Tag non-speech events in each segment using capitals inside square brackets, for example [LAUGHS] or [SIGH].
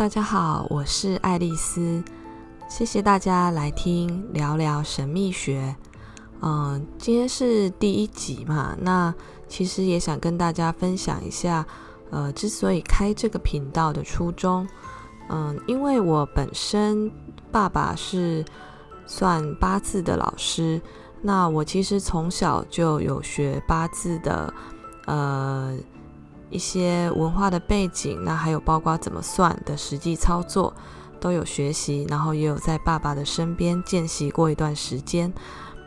大家好，我是愛麗絲，謝謝大家來聽聊聊神秘學。嗯，今天是第一集嘛，那其實也想跟大家分享一下，呃，之所以開這個頻道的初衷，嗯，因為我本身爸爸是算八字的老師，那我其實從小就有學八字的，呃。一些文化的背景，那還有包括怎麼算的實際操作都有學習，然後也有在爸爸的身邊見習過一段時間。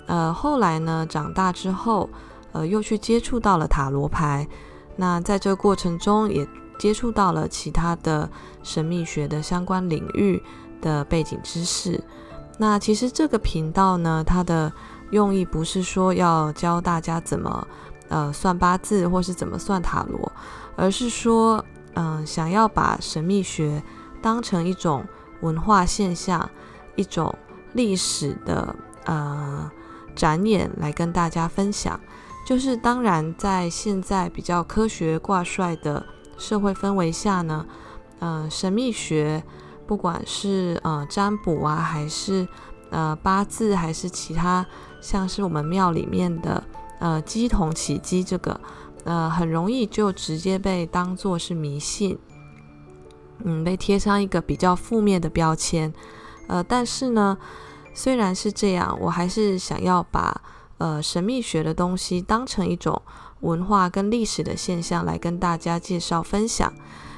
呃，後來呢，長大之後，呃，又去接觸到了塔羅牌。那在這個過程中，也接觸到了其他的神秘學的相關領域的背景知識。那其實這個頻道呢，它的用意不是說要教大家怎麼。呃，算八字或是怎麼算塔羅，而是說，嗯、呃，想要把神祕學當成一種文化現象、一種歷史的呃展演來跟大家分享。就是當然，在現在比較科學掛帥的社會氛圍下呢，嗯、呃，神祕學不管是呃占卜啊，還是呃八字，還是其他像是我們廟裡面的。呃，乩童起乩這個，呃，很容易就直接被當作是迷信，嗯，被貼上一個比較負面的標籤。呃，但是呢，雖然是這樣，我還是想要把呃神秘學的東西當成一種文化跟歷史的現象來跟大家介紹分享，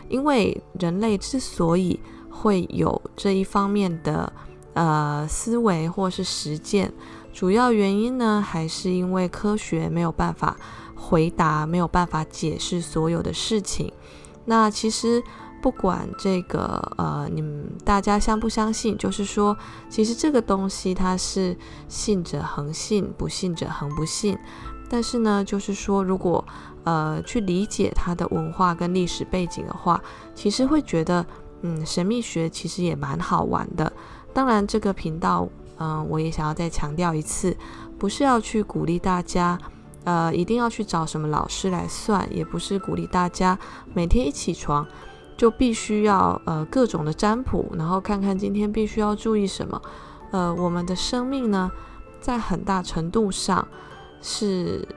因為人類之所以會有這一方面的呃思維或是實踐。主要原因呢，還是因為科學沒有辦法回答，沒有辦法解釋所有的事情。那其實不管這個呃，你們大家相不相信，就是說，其實這個東西它是信者恆信，不信者恆不信。但是呢，就是說，如果呃去理解它的文化跟歷史背景的話，其實會覺得，嗯，神祕學其實也蠻好玩的。當然，這個頻道。嗯、呃，我也想要再強調一次，不是要去鼓勵大家，呃，一定要去找什麼老師來算，也不是鼓勵大家每天一起床就必須要呃各種的占卜，然後看看今天必須要注意什麼。呃，我們的生命呢，在很大程度上是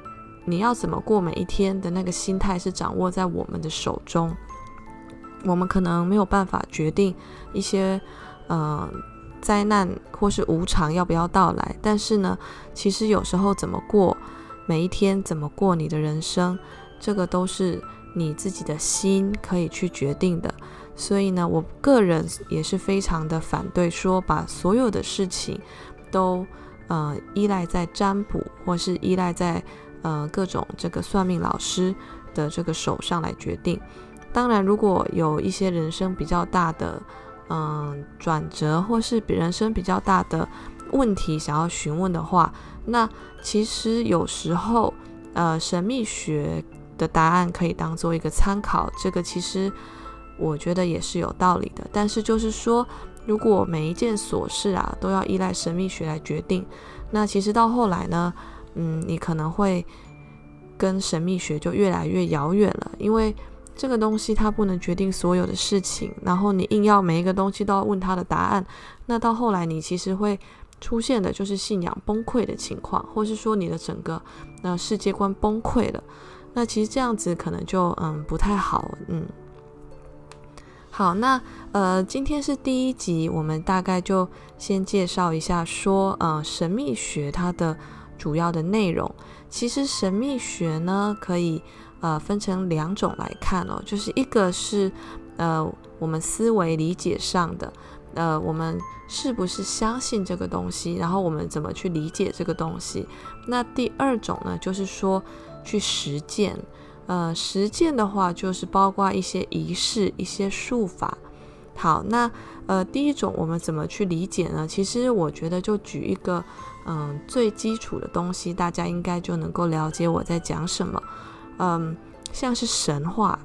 你要怎麼過每一天的那個心態，是掌握在我們的手中。我們可能沒有辦法決定一些，嗯、呃。災難或是無常要不要到來？但是呢，其實有時候怎麼過每一天，怎麼過你的人生，這個都是你自己的心可以去決定的。所以呢，我個人也是非常的反對說把所有的事情都呃依賴在占卜或是依賴在呃各種這個算命老師的這個手上來決定。當然，如果有一些人生比較大的。嗯，轉折或是比人生比較大的問題，想要詢問的話，那其實有時候，呃，神祕學的答案可以當做一個參考，這個其實我覺得也是有道理的。但是就是說，如果每一件瑣事啊都要依賴神祕學來決定，那其實到後來呢，嗯，你可能會跟神祕學就越來越遙遠了，因為。這個東西它不能決定所有的事情，然後你硬要每一個東西都要問它的答案，那到後來你其實會出現的就是信仰崩潰的情況，或是說你的整個那、呃、世界觀崩潰了。那其實這樣子可能就嗯不太好，嗯。好，那呃今天是第一集，我們大概就先介紹一下說呃神祕學它的主要的內容。其實神祕學呢可以。呃，分成兩種來看哦，就是一個是，呃，我們思維理解上的，呃，我們是不是相信這個東西，然後我們怎麼去理解這個東西？那第二種呢，就是說去實踐，呃，實踐的話就是包括一些儀式、一些術法。好，那呃，第一種我們怎麼去理解呢？其實我覺得就舉一個，嗯、呃，最基礎的東西，大家應該就能夠了解我在講什麼。嗯，像是神話，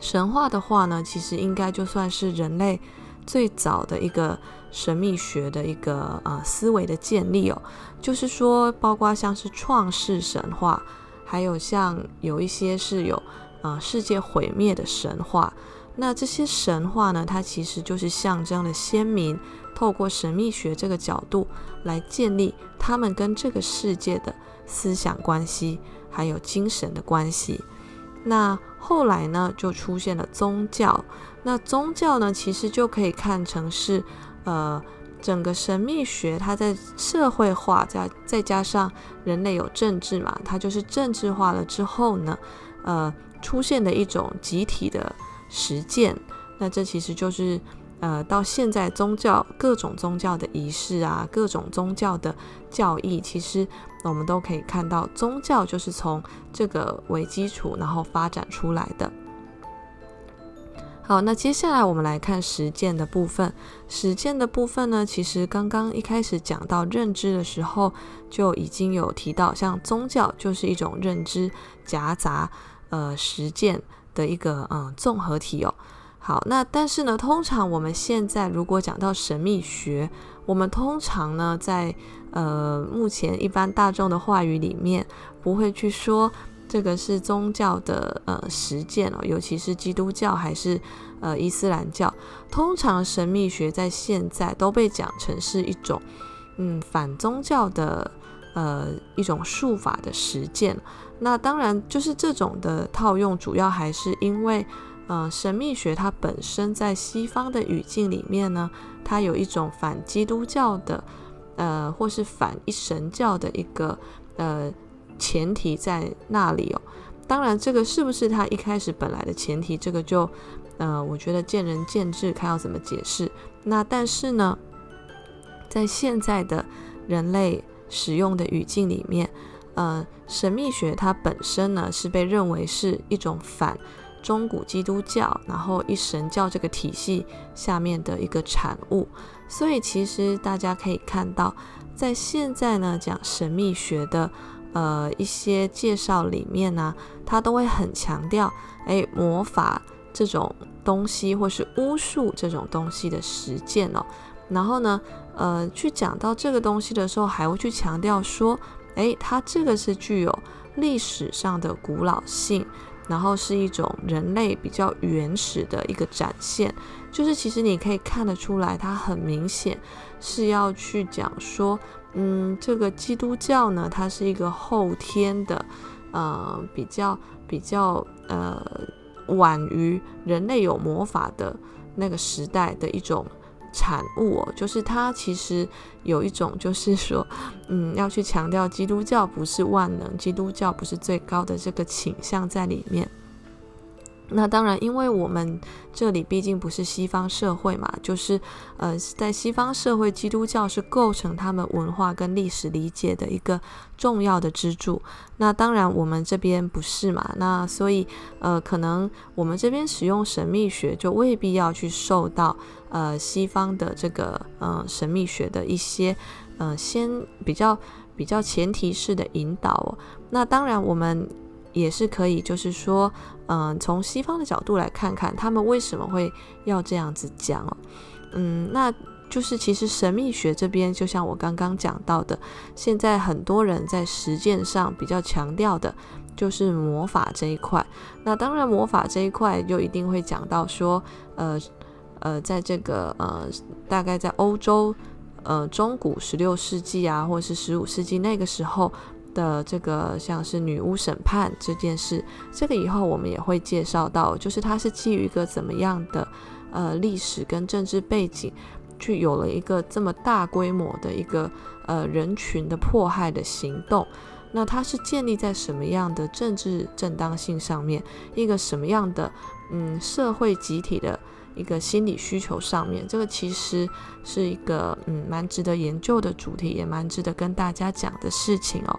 神話的話呢，其實應該就算是人類最早的一個神秘學的一個呃思維的建立哦。就是說，包括像是創世神話，還有像有一些是有呃世界毀滅的神話。那這些神話呢，它其實就是象徵了先民透過神秘學這個角度來建立他們跟這個世界的思想關係，還有精神的關係。那後來呢，就出現了宗教。那宗教呢，其實就可以看成是，呃，整個神秘學它在社會化，再再加上人類有政治嘛，它就是政治化了之後呢，呃，出現的一種集體的實踐。那這其實就是。呃，到現在宗教，各種宗教的儀式啊，各種宗教的教義，其實我們都可以看到，宗教就是從這個為基礎，然後發展出來的。好，那接下來我們來看實踐的部分。實踐的部分呢，其實剛剛一開始講到認知的時候，就已經有提到，像宗教就是一種認知夾雜呃實踐的一個嗯、呃、綜合體哦。好，那但是呢，通常我們現在如果講到神秘學，我們通常呢在呃目前一般大眾的話語裡面不會去說這個是宗教的呃實踐哦，尤其是基督教還是呃伊斯蘭教，通常神秘學在現在都被講成是一種嗯反宗教的呃一種術法的實踐。那當然就是這種的套用，主要還是因為。嗯、呃，神祕學它本身在西方的語境裡面呢，它有一種反基督教的，呃，或是反一神教的一個呃前提在那裡哦。當然，這個是不是它一開始本來的前提，這個就呃，我覺得見仁見智，看要怎麼解釋。那但是呢，在現在的人類使用的語境裡面，呃，神祕學它本身呢是被認為是一種反。中古基督教，然後一神教這個體系下面的一個產物，所以其實大家可以看到，在現在呢講神秘學的呃一些介紹裡面呢、啊，它都會很強調，哎，魔法這種東西或是巫術這種東西的實踐哦。然後呢，呃，去講到這個東西的時候，還會去強調說，哎，它這個是具有歷史上的古老性。然後是一種人類比較原始的一個展現，就是其實你可以看得出來，它很明顯是要去講說，嗯，這個基督教呢，它是一個後天的，呃，比較比較呃晚於人類有魔法的那個時代的一種。產物哦，就是它其實有一種，就是說，嗯，要去強調基督教不是萬能，基督教不是最高的這個傾向在裡面。那當然，因為我們這裡畢竟不是西方社會嘛，就是呃，在西方社會，基督教是構成他們文化跟歷史理解的一個重要的支柱。那當然，我們這邊不是嘛，那所以呃，可能我們這邊使用神祕學，就未必要去受到呃西方的這個呃，神祕學的一些呃，先比較比較前提式的引導哦。那當然，我們。也是可以，就是說，嗯，從西方的角度來看看，他們為什麼會要這樣子講。嗯，那就是其實神祕學這邊，就像我剛剛講到的，現在很多人在實踐上比較強調的就是魔法這一塊。那當然，魔法這一塊就一定會講到說，呃，呃，在這個呃，大概在歐洲，呃，中古十六世紀啊，或者是十五世紀那個時候。的這個像是女巫審判這件事，這個以後我們也會介紹到，就是它是基於一個怎麼樣的呃歷史跟政治背景，去有了一個這麼大規模的一個呃人群的迫害的行動。那它是建立在什麼樣的政治正當性上面？一個什麼樣的嗯社會集體的一個心理需求上面？這個其實是一個嗯蠻值得研究的主題，也蠻值得跟大家講的事情哦。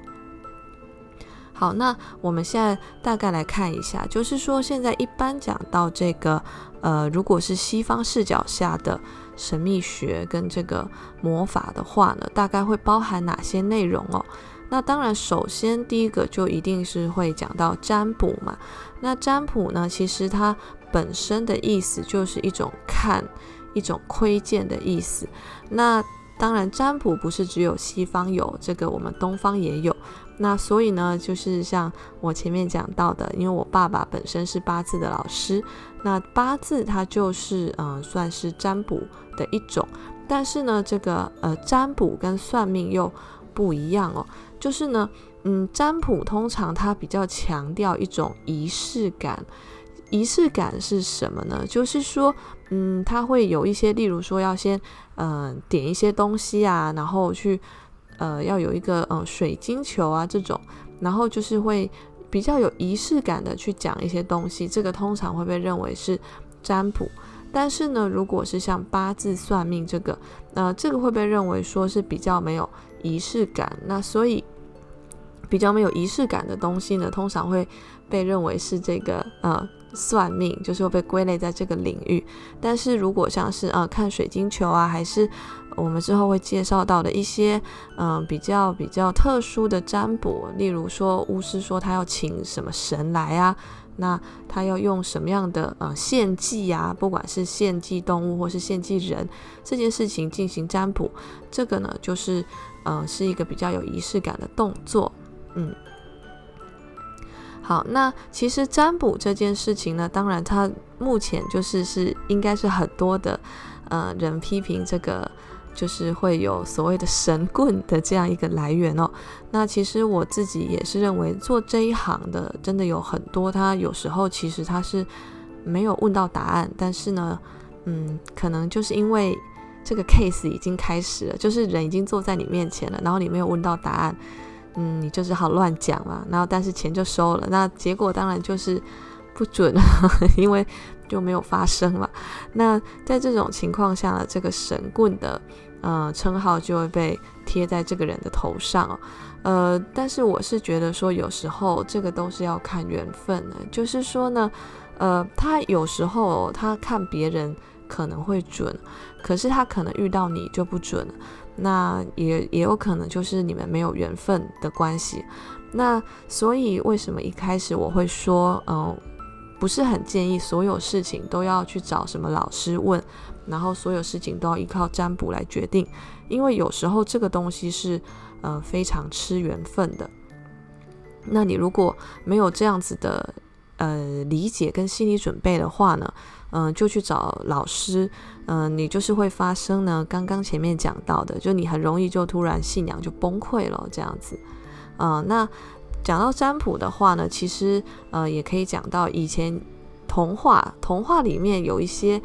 好，那我們現在大概來看一下，就是說現在一般講到這個，呃，如果是西方視角下的神祕學跟這個魔法的話呢，大概會包含哪些內容哦？那當然，首先第一個就一定是會講到占卜嘛。那占卜呢，其實它本身的意思就是一種看、一種窺見的意思。那當然，占卜不是只有西方有，這個我們東方也有。那所以呢，就是像我前面講到的，因為我爸爸本身是八字的老師，那八字它就是嗯、呃，算是占卜的一種。但是呢，這個呃，占卜跟算命又不一樣哦。就是呢，嗯，占卜通常它比較強調一種儀式感。儀式感是什麼呢？就是說，嗯，它會有一些，例如說要先嗯、呃，點一些東西啊，然後去。呃，要有一個呃水晶球啊這種，然後就是會比較有儀式感的去講一些東西，這個通常會被認為是占卜。但是呢，如果是像八字算命這個，那、呃、這個會被認為說是比較沒有儀式感。那所以比較沒有儀式感的東西呢，通常會被認為是這個呃算命，就是會被歸類在這個領域。但是如果像是呃，看水晶球啊，還是。我們之後會介紹到的一些，嗯、呃，比較比較特殊的占卜，例如說巫師說他要請什麼神來啊，那他要用什麼樣的呃獻祭啊，不管是獻祭動物或是獻祭人，這件事情進行占卜，這個呢就是呃是一個比較有儀式感的動作，嗯，好，那其實占卜這件事情呢，當然它目前就是是應該是很多的呃人批評這個。就是會有所謂的神棍的這樣一個來源哦。那其實我自己也是認為，做這一行的真的有很多，他有時候其實他是沒有問到答案，但是呢，嗯，可能就是因為這個 case 已經開始了，就是人已經坐在你面前了，然後你沒有問到答案，嗯，你就只好亂講了。然後但是錢就收了，那結果當然就是不準了，呵呵，因為就沒有發生了。那在這種情況下呢，這個神棍的。嗯、呃，稱號就會被貼在這個人的頭上、哦，呃，但是我是覺得說，有時候這個都是要看緣分的，就是說呢，呃，他有時候、哦、他看別人可能會準，可是他可能遇到你就不準，那也也有可能就是你們沒有緣分的關係，那所以為什麼一開始我會說，嗯、呃，不是很建議所有事情都要去找什麼老師問。然後所有事情都要依靠占卜來決定，因為有時候這個東西是呃非常吃緣分的。那你如果沒有這樣子的呃理解跟心理準備的話呢，嗯、呃，就去找老師，嗯、呃，你就是會發生呢剛剛前面講到的，就你很容易就突然信仰就崩潰了這樣子。嗯、呃，那講到占卜的話呢，其實呃也可以講到以前童話童話裡面有一些。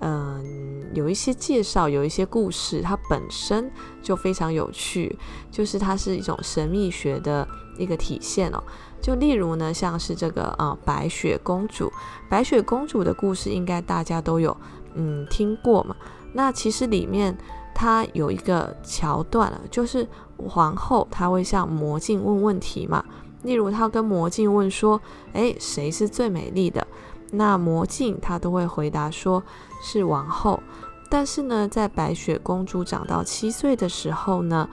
嗯，有一些介紹，有一些故事，它本身就非常有趣，就是它是一種神祕學的一個體現哦。就例如呢，像是這個啊、嗯，白雪公主，白雪公主的故事應該大家都有嗯聽過嘛。那其實裡面它有一個橋段，就是皇後她會向魔鏡問問題嘛，例如她跟魔鏡問說，誒，誰是最美麗的？那魔鏡，他都會回答說，是王後。但是呢，在白雪公主長到七歲的時候呢，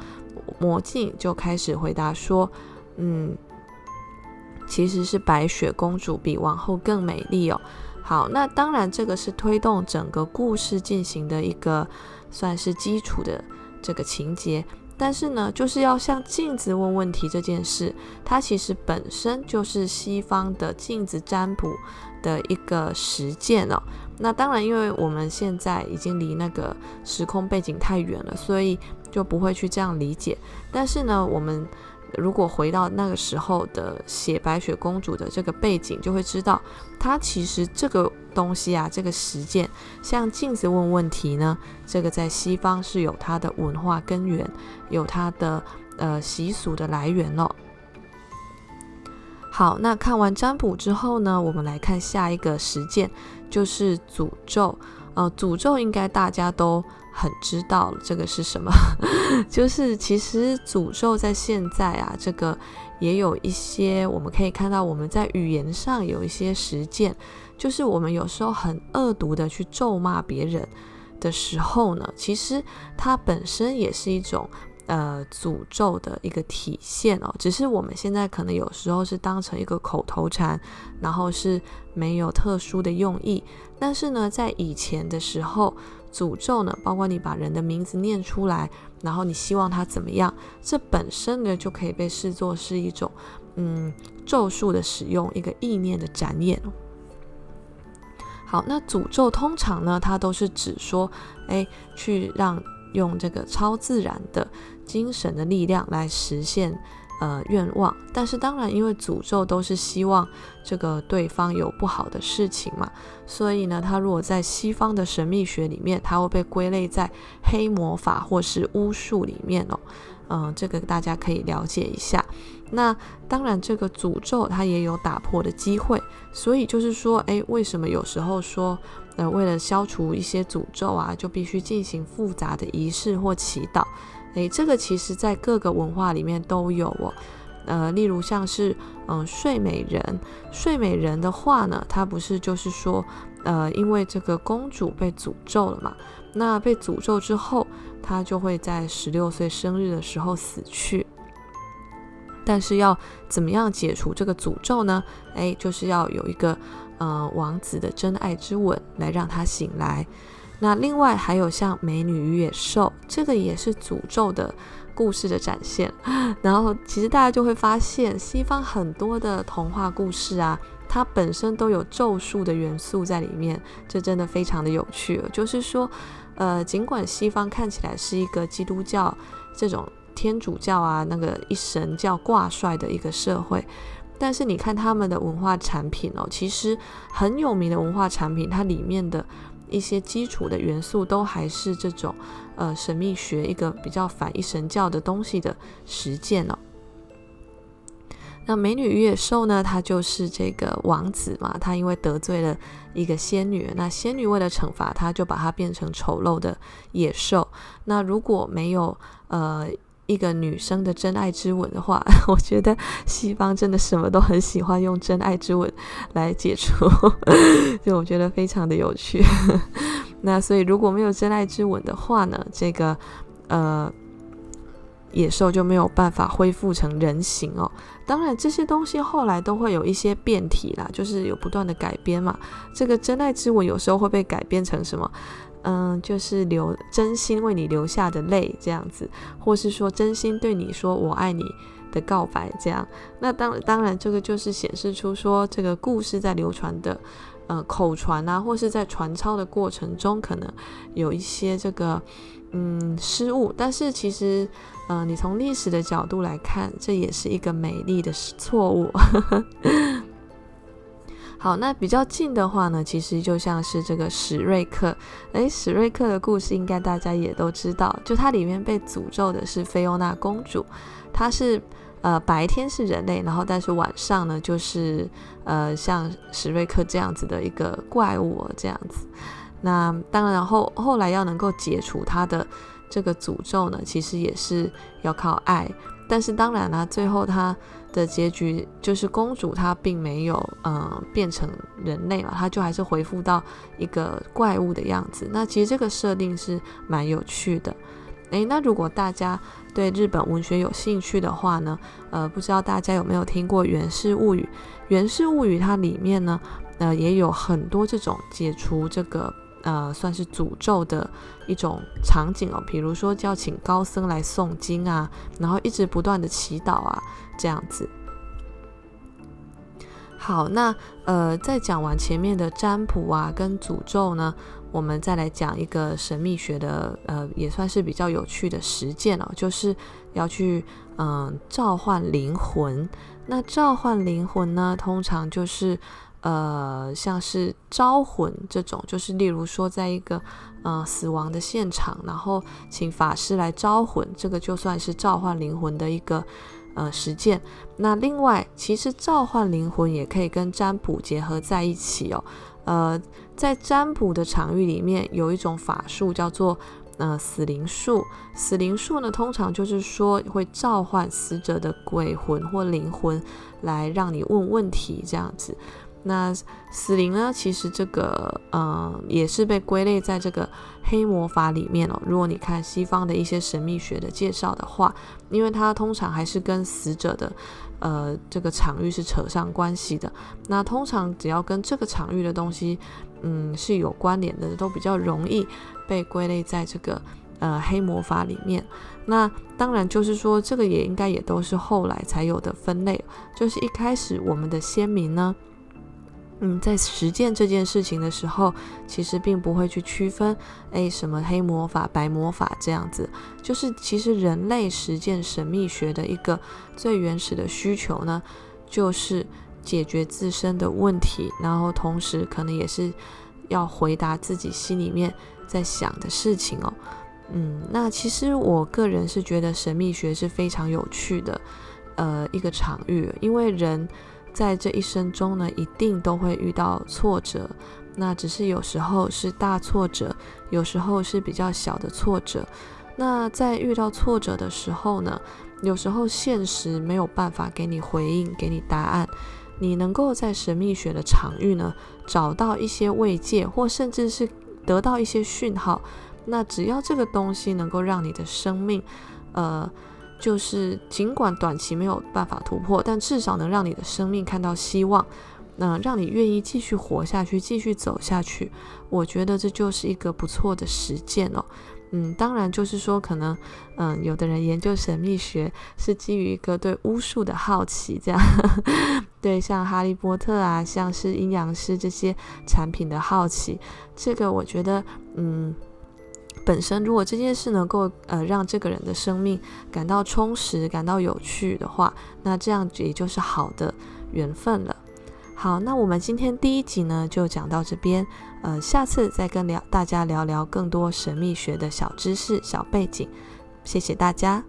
魔鏡就開始回答說，嗯，其實是白雪公主比王后更美麗哦。好，那當然，這個是推動整個故事進行的一個算是基礎的這個情節。但是呢，就是要向鏡子問問題這件事，它其實本身就是西方的鏡子占卜的一個實踐哦。那當然，因為我們現在已經離那個時空背景太遠了，所以就不會去這樣理解。但是呢，我們。如果回到那個時候的寫白雪公主的這個背景，就會知道，它其實這個東西啊，這個實踐，像鏡子問問題呢，這個在西方是有它的文化根源，有它的呃習俗的來源了。好，那看完占卜之後呢，我們來看下一個實踐，就是詛咒。呃，詛咒應該大家都很知道了，這個是什麼？ [LAUGHS] 就是其實詛咒在現在啊，這個也有一些我們可以看到，我們在語言上有一些實踐，就是我們有時候很惡毒的去咒罵別人的時候呢，其實它本身也是一種。呃，詛咒的一個體現哦，只是我們現在可能有時候是當成一個口頭禪，然後是沒有特殊的用意。但是呢，在以前的時候，詛咒呢，包括你把人的名字念出來，然後你希望他怎麼樣，這本身呢，就可以被視作是一種，嗯，咒術的使用，一個意念的展演。好，那詛咒通常呢，它都是指說，誒，去讓。用這個超自然的精神的力量來實現呃願望，但是當然，因為詛咒都是希望這個對方有不好的事情嘛，所以呢，它如果在西方的神祕學裡面，它會被歸類在黑魔法或是巫術裡面哦。嗯、呃，這個大家可以了解一下。那當然，這個詛咒它也有打破的機會，所以就是說，誒，為什麼有時候說，呃，為了消除一些詛咒啊，就必須進行複雜的儀式或祈禱。誒，這個其實在各個文化裡面都有哦。呃，例如像是嗯，呃，睡美人。睡美人的話呢，它不是就是說，呃，因為這個公主被詛咒了嘛。那被詛咒之後，她就會在十六歲生日的時候死去。但是要怎麼樣解除這個詛咒呢？誒，就是要有一個。呃，王子的真愛之吻來讓他醒來。那另外還有像《美女與野獸》，這個也是詛咒的故事的展現。然後其實大家就會發現，西方很多的童話故事啊，它本身都有咒術的元素在裡面，這真的非常的有趣。就是說，呃，儘管西方看起來是一個基督教這種天主教啊，那個一神教掛帥的一個社會。但是你看他們的文化產品哦，其實很有名的文化產品，它裡面的一些基礎的元素都還是這種呃神祕學一個比較反一神教的東西的實踐哦。那美女與野獸呢？他就是這個王子嘛，他因為得罪了一個仙女，那仙女為了懲罰他，就把他變成醜陋的野獸。那如果沒有呃。一個女生的真愛之吻的話，我覺得西方真的什麼都很喜歡用真愛之吻來解除，就 [LAUGHS] 我覺得非常的有趣。 [LAUGHS] 那所以如果沒有真愛之吻的話呢，這個呃野獸就沒有辦法恢復成人形哦。當然這些東西後來都會有一些變體啦，就是有不斷的改編嘛。這個真愛之吻有時候會被改編成什麼？嗯，就是流真心為你留下的淚這樣子，或是說真心對你說我愛你的告白這樣。那當然當然，這個就是顯示出說這個故事在流傳的，呃，口傳啊，或是在傳抄的過程中，可能有一些這個嗯失誤。但是其實，嗯、呃，你從歷史的角度來看，這也是一個美麗的錯誤。 [LAUGHS] 好，那比較近的話呢，其實就像是這個史瑞克。誒，史瑞克的故事應該大家也都知道，就它裡面被詛咒的是菲歐娜公主，她是呃白天是人類，然後但是晚上呢就是呃像史瑞克這樣子的一個怪物，喔，這樣子。那當然後，後後來要能夠解除她的這個詛咒呢，其實也是要靠愛。但是當然啦，最後她。的結局就是公主她並沒有嗯、呃、變成人類嘛，她就還是恢復到一個怪物的樣子。那其實這個設定是蠻有趣的。誒。那如果大家對日本文學有興趣的話呢，呃，不知道大家有沒有聽過《源氏物語》？《源氏物語》它裡面呢，呃，也有很多這種解除這個。呃，算是詛咒的一種場景哦，比如說叫請高僧來誦經啊，然後一直不斷的祈禱啊，這樣子。好，那呃，在講完前面的占卜啊跟詛咒呢，我們再來講一個神秘學的呃，也算是比較有趣的實踐哦，就是要去嗯，呃，召喚靈魂。那召喚靈魂呢，通常就是。呃，像是招魂這種，就是例如說，在一個呃死亡的現場，然後請法師來招魂，這個就算是召喚靈魂的一個呃實踐。那另外，其實召喚靈魂也可以跟占卜結合在一起哦。呃，在占卜的場域裡面，有一種法術叫做呃死靈術。死靈術呢，通常就是說會召喚死者的鬼魂或靈魂來讓你問問題，這樣子。那死靈呢？其實這個，嗯、呃，也是被歸類在這個黑魔法裡面哦。如果你看西方的一些神秘學的介紹的話，因為它通常還是跟死者的，呃，這個場域是扯上關係的。那通常只要跟這個場域的東西，嗯，是有關聯的，都比較容易被歸類在這個，呃，黑魔法裡面。那當然就是說，這個也應該也都是後來才有的分類。就是一開始我們的先民呢，嗯，在實踐這件事情的時候，其實並不會去區分，誒什麼黑魔法、白魔法這樣子，就是其實人類實踐神秘學的一個最原始的需求呢，就是解決自身的問題，然後同時可能也是要回答自己心裡面在想的事情哦。嗯，那其實我個人是覺得神秘學是非常有趣的，呃，一個場域，因為人。在這一生中呢，一定都會遇到挫折，那只是有時候是大挫折，有時候是比較小的挫折。那在遇到挫折的時候呢，有時候現實沒有辦法給你回應，給你答案。你能夠在神秘學的場域呢，找到一些慰藉，或甚至是得到一些訊號。那只要這個東西能夠讓你的生命，呃。就是儘管短期沒有辦法突破，但至少能讓你的生命看到希望，那、嗯、讓你願意繼續活下去，繼續走下去。我覺得這就是一個不錯的實踐哦。嗯，當然就是說，可能嗯，有的人研究神秘學是基於一個對巫術的好奇，這樣 [LAUGHS] 對，像哈利波特啊，像是陰陽師這些產品的好奇，這個我覺得嗯。本身，如果這件事能夠呃讓這個人的生命感到充實、感到有趣的話，那這樣也就是好的緣分了。好，那我們今天第一集呢就講到這邊，呃，下次再跟聊大家聊聊更多神祕學的小知識、小背景。謝謝大家。